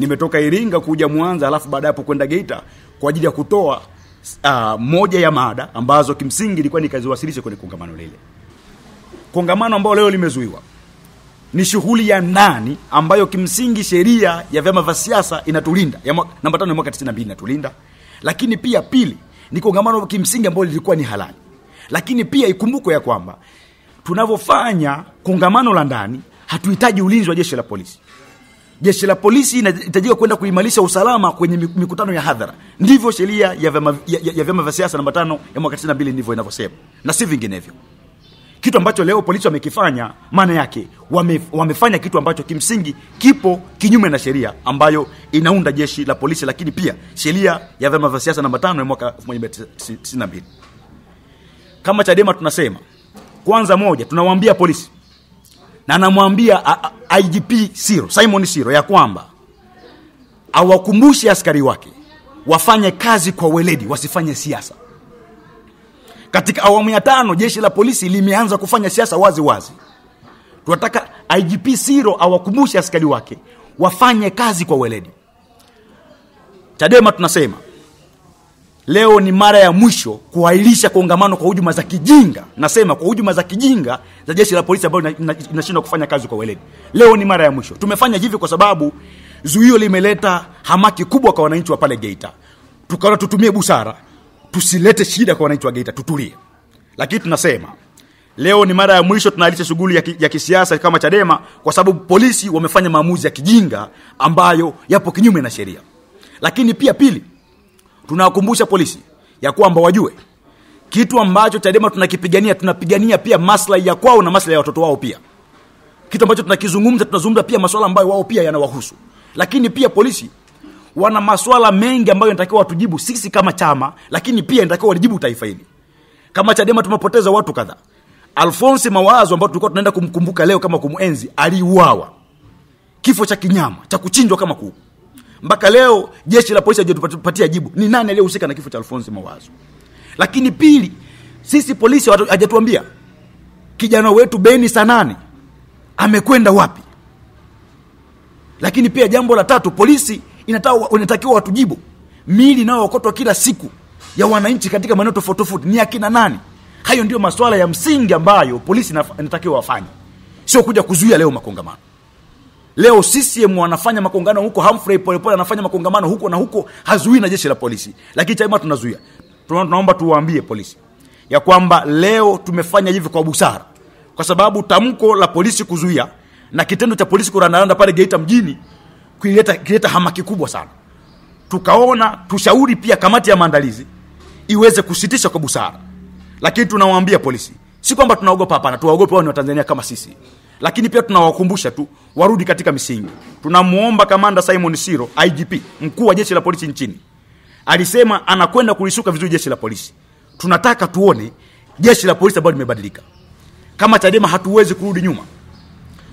nimetoka Iringa kuja Mwanza alafu baadaye hapo kwenda Geita kwa ajili ya kutoa uh, moja ya mada ambazo kimsingi ilikuwa nikaziwasilisha kwenye kongamano lile. Kongamano ambalo leo limezuiwa ni shughuli ya ndani ambayo kimsingi sheria ya vyama vya siasa inatulinda ya namba tano ya mwaka 92 inatulinda, lakini pia pili ni kongamano kimsingi ambalo lilikuwa ni halali, lakini pia ikumbuko ya kwamba tunavyofanya kongamano la ndani hatuhitaji ulinzi wa jeshi la polisi jeshi la polisi inahitajika kwenda kuimarisha usalama kwenye mikutano ya hadhara. Ndivyo sheria ya vyama vya siasa namba tano ya mwaka 92 ndivyo inavyosema na si vinginevyo, kitu ambacho leo polisi wamekifanya. Maana yake wame, wamefanya kitu ambacho kimsingi kipo kinyume na sheria ambayo inaunda jeshi la polisi, lakini pia sheria ya vyama vya siasa namba tano ya mwaka mbili. Kama Chadema tunasema kwanza, moja, tunawambia polisi na anamwambia IGP Siro, Simon Siro ya kwamba awakumbushe askari wake wafanye kazi kwa weledi, wasifanye siasa. Katika awamu ya tano jeshi la polisi limeanza kufanya siasa wazi wazi. Tunataka IGP Siro awakumbushe askari wake wafanye kazi kwa weledi. Chadema tunasema leo ni mara ya mwisho kuahirisha kongamano kwa hujuma za kijinga, nasema kwa hujuma za kijinga za jeshi la polisi ambayo inashindwa kufanya kazi kwa weledi. Leo ni mara ya mwisho. Tumefanya hivi kwa sababu zuio limeleta hamaki kubwa kwa wananchi wa pale Geita, tukaona tutumie busara, tusilete shida kwa wananchi wa Geita, tutulie. Lakini tunasema leo ni mara ya mwisho tunaalisha shughuli ya, ki, ya kisiasa kama Chadema kwa sababu polisi wamefanya maamuzi ya kijinga ambayo yapo kinyume na sheria. Lakini pia pili tunawakumbusha polisi ya kwamba wajue kitu ambacho Chadema tunakipigania, tunapigania pia maslahi ya kwao na maslahi ya watoto wao pia. Kitu ambacho tunakizungumza, tunazungumza pia masuala ambayo wao pia yanawahusu, lakini pia polisi wana masuala mengi ambayo inatakiwa watujibu sisi kama chama, lakini pia inatakiwa walijibu taifa hili kama Chadema. Tumepoteza watu kadhaa. alfonsi Mawazo ambao tulikuwa tunaenda kumkumbuka leo kama kumuenzi, aliuawa kifo cha kinyama cha kuchinjwa kama kuku mpaka leo jeshi la polisi hajatupatia jibu ni nani aliyehusika na kifo cha Alphonse Mawazo. Lakini pili, sisi polisi hajatuambia kijana wetu Beni Sanani amekwenda wapi. Lakini pia jambo la tatu, polisi inatakiwa watujibu miili inayookotwa kila siku ya wananchi katika maeneo tofauti tofauti ni akina nani? Hayo ndio masuala ya msingi ambayo polisi inatakiwa wafanye, sio kuja kuzuia leo makongamano. Leo CCM wanafanya makongano huko, Humphrey Polepole anafanya makongamano huko na huko, hazuii na jeshi la polisi, lakini Chadema tunazuia. Tunaomba tuwaambie polisi ya kwamba leo tumefanya hivi kwa busara, kwa sababu tamko la polisi kuzuia na kitendo cha polisi kurandaranda pale Geita mjini kuileta kileta hamaki kubwa sana. Tukaona tushauri pia kamati ya maandalizi iweze kusitisha kwa busara, lakini tunawaambia polisi, si kwamba tunaogopa, hapana, tuwaogope wao, ni Watanzania kama sisi lakini pia tunawakumbusha tu warudi katika misingi. Tunamwomba Kamanda Simon Siro, IGP, mkuu wa jeshi la polisi nchini, alisema anakwenda kulishuka vizuri jeshi la polisi. Tunataka tuone jeshi la polisi ambayo limebadilika. Kama Chadema hatuwezi kurudi nyuma.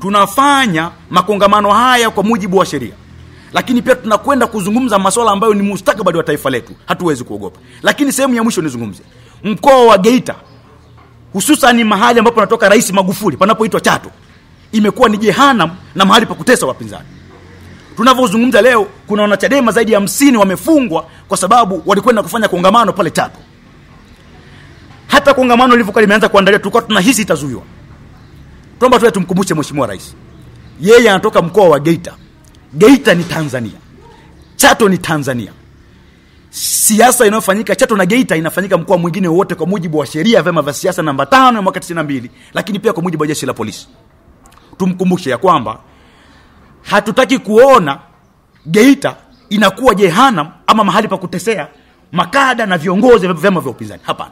Tunafanya makongamano haya kwa mujibu wa sheria, lakini pia tunakwenda kuzungumza masuala ambayo ni mustakabali wa taifa letu, hatuwezi kuogopa. Lakini sehemu ya mwisho nizungumze mkoa wa Geita, hususani mahali ambapo anatoka Rais Magufuli panapoitwa Chato imekuwa ni jehanam na mahali pa kutesa wapinzani tunavyozungumza leo kuna wanachadema zaidi ya hamsini wamefungwa kwa sababu walikwenda kufanya kongamano pale chato hata kongamano lilivyokuwa limeanza kuandalia tulikuwa tunahisi itazuiwa tuomba tuwe tumkumbushe mheshimiwa rais yeye anatoka mkoa wa geita geita ni tanzania chato ni tanzania siasa inayofanyika chato na geita inafanyika mkoa mwingine wowote kwa mujibu wa sheria ya vyama vya siasa namba tano ya mwaka mbili lakini pia kwa mujibu wa jeshi la polisi tumkumbushe ya kwamba hatutaki kuona geita inakuwa jehanam ama mahali pa kutesea makada na viongozi vyama vya upinzani hapana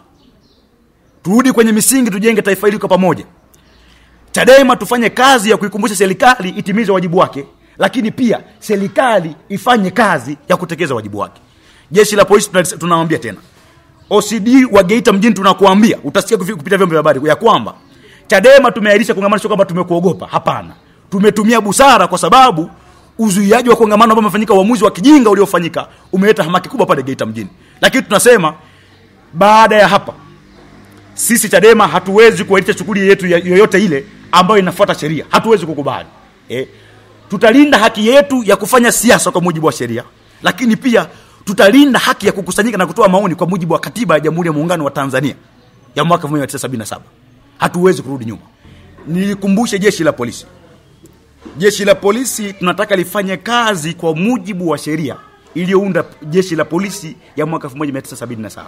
turudi kwenye misingi tujenge taifa hili kwa pamoja chadema tufanye kazi ya kuikumbusha serikali itimize wajibu wake lakini pia serikali ifanye kazi ya kutekeleza wajibu wake jeshi la polisi tunawambia tena ocd wa geita mjini tunakuambia utasikia kupita vyombo vya habari ya kwamba Chadema tumeahirisha kongamano, sio kwamba tumekuogopa. Hapana, tumetumia busara, kwa sababu uzuiaji wa kongamano ambao umefanyika, uamuzi wa kijinga uliofanyika umeleta hamaki kubwa pale Geita mjini. Lakini tunasema baada ya hapa, sisi Chadema hatuwezi kuahirisha shughuli yetu yoyote ile ambayo inafuata sheria, hatuwezi kukubali eh. Tutalinda haki yetu ya kufanya siasa kwa mujibu wa sheria, lakini pia tutalinda haki ya kukusanyika na kutoa maoni kwa mujibu wa katiba ya Jamhuri ya Muungano wa Tanzania ya mwaka 1977 hatuwezi kurudi nyuma nilikumbushe jeshi la polisi jeshi la polisi tunataka lifanye kazi kwa mujibu wa sheria iliyounda jeshi la polisi ya mwaka 1977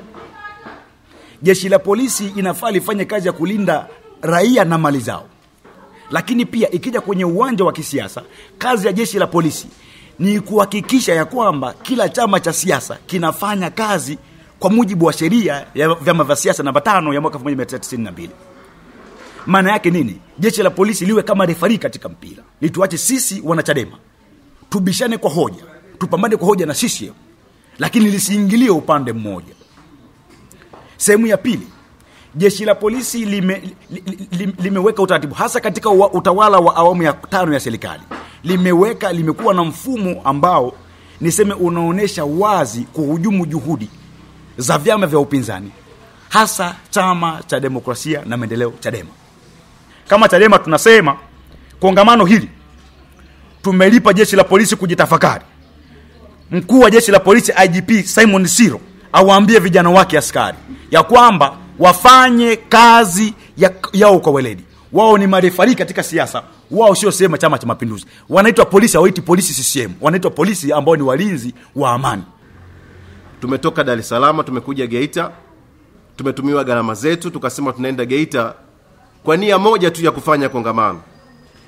jeshi la polisi inafaa lifanye kazi ya kulinda raia na mali zao lakini pia ikija kwenye uwanja wa kisiasa kazi ya jeshi la polisi ni kuhakikisha ya kwamba kila chama cha siasa kinafanya kazi kwa mujibu wa sheria ya vyama vya siasa namba tano ya mwaka 1992 maana yake nini? Jeshi la polisi liwe kama refari katika mpira, lituache sisi wanachadema tubishane kwa hoja, tupambane kwa hoja na sisi, lakini lisiingilie upande mmoja. Sehemu ya pili, jeshi la polisi lime, lime, limeweka utaratibu hasa katika utawala wa awamu ya tano ya serikali, limeweka limekuwa na mfumo ambao niseme unaonyesha wazi kuhujumu juhudi za vyama vya upinzani hasa chama cha demokrasia na maendeleo Chadema kama Chadema tunasema kongamano hili tumelipa jeshi la polisi kujitafakari. Mkuu wa jeshi la polisi IGP Simon Siro awaambie vijana wake askari ya kwamba wafanye kazi ya, yao kwa weledi. Wao ni marefari katika siasa, wao sio sema Chama cha Mapinduzi. Wanaitwa polisi, hawaiti polisi CCM, wanaitwa polisi ambao ni walinzi wa amani. Tumetoka Dar es Salaam, tumekuja Geita, tumetumiwa gharama zetu, tukasema tunaenda Geita kwa nia moja tu ya kufanya kongamano.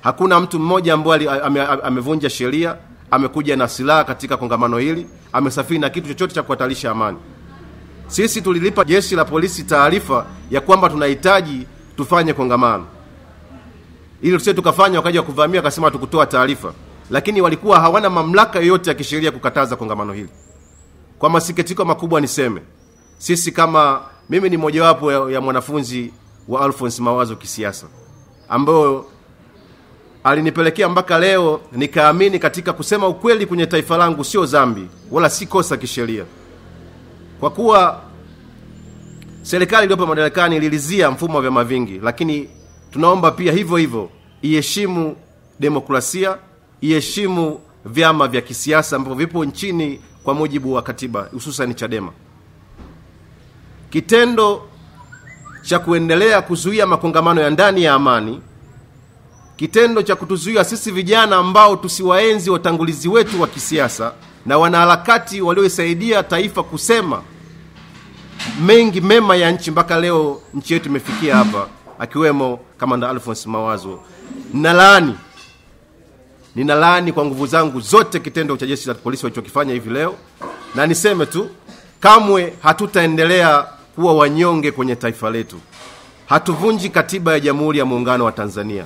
Hakuna mtu mmoja ambaye amevunja ame, ame sheria, amekuja na silaha katika kongamano hili, amesafiri na kitu chochote cha kuhatarisha amani. Sisi tulilipa jeshi la polisi taarifa ya kwamba tunahitaji tufanye kongamano ili tusie tukafanya, wakaja kuvamia, wakasema tukutoa taarifa, lakini walikuwa hawana mamlaka yoyote ya kisheria kukataza kongamano hili. Kwa masikitiko makubwa niseme, sisi kama mimi ni mojawapo ya, ya mwanafunzi wa Alphonse Mawazo kisiasa ambayo alinipelekea mpaka leo nikaamini katika kusema ukweli kwenye taifa langu sio dhambi wala si kosa kisheria, kwa kuwa serikali iliyopo madarakani ililizia mfumo wa vyama vingi, lakini tunaomba pia hivyo hivyo iheshimu demokrasia, iheshimu vyama vya kisiasa ambavyo vipo nchini kwa mujibu wa katiba, hususani Chadema. Kitendo cha kuendelea kuzuia makongamano ya ndani ya amani, kitendo cha kutuzuia sisi vijana ambao tusiwaenzi watangulizi wetu wa kisiasa na wanaharakati walioisaidia taifa kusema mengi mema ya nchi mpaka leo nchi yetu imefikia hapa, akiwemo Kamanda Alphonse Mawazo. Nalaani, ninalaani kwa nguvu zangu zote kitendo cha jeshi la polisi walichokifanya hivi leo, na niseme tu, kamwe hatutaendelea kuwa wanyonge kwenye taifa letu hatuvunji katiba ya jamhuri ya muungano wa tanzania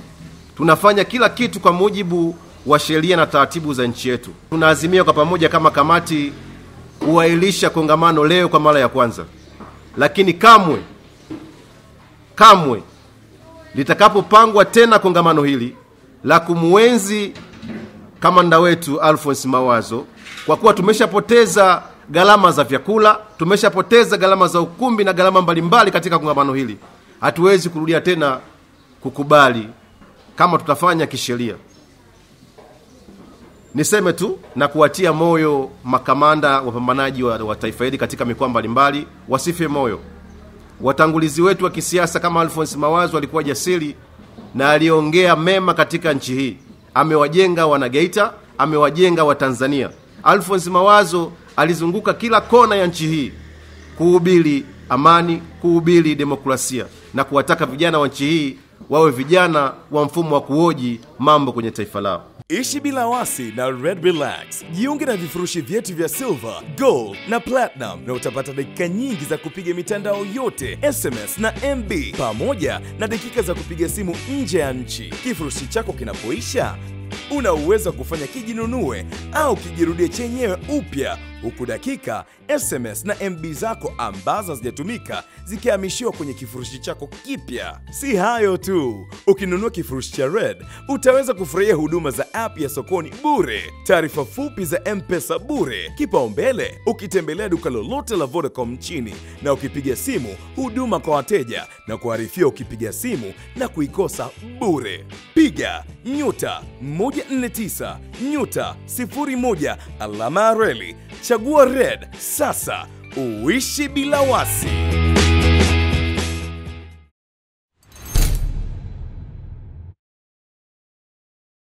tunafanya kila kitu kwa mujibu wa sheria na taratibu za nchi yetu tunaazimia kwa pamoja kama kamati kuwailisha kongamano leo kwa mara ya kwanza lakini kamwe kamwe litakapopangwa tena kongamano hili la kumwenzi kamanda wetu alfonsi mawazo kwa kuwa tumeshapoteza gharama za vyakula tumeshapoteza gharama za ukumbi na gharama mbalimbali katika kongamano hili hatuwezi kurudia tena kukubali kama tutafanya kisheria niseme tu na kuwatia moyo makamanda wapambanaji wa, wa taifa hili katika mikoa mbalimbali wasife moyo watangulizi wetu wa kisiasa kama alfons mawazo alikuwa jasiri na aliongea mema katika nchi hii amewajenga wanageita amewajenga watanzania alfons mawazo alizunguka kila kona ya nchi hii kuhubiri amani, kuhubiri demokrasia na kuwataka vijana wa nchi hii wawe vijana wa mfumo wa kuoji mambo kwenye taifa lao. Ishi bila wasi na Red Relax. Jiunge na vifurushi vyetu vya silver, gold na platinum na utapata dakika nyingi za kupiga mitandao yote, SMS na MB pamoja na dakika za kupiga simu nje ya nchi. Kifurushi chako kinapoisha, una uwezo wa kufanya kijinunue au kijirudie chenyewe upya huku dakika, SMS na MB zako ambazo hazijatumika zikihamishiwa kwenye kifurushi chako kipya. Si hayo tu, ukinunua kifurushi cha Red utaweza kufurahia huduma za app ya sokoni bure, taarifa fupi za mpesa bure, kipaumbele ukitembelea duka lolote la Vodacom nchini, na ukipiga simu huduma kwa wateja na kuarifia ukipiga simu na kuikosa bure. Piga nyuta 149 nyuta 01 alama ya reli Chagua Red sasa, uishi bila wasi.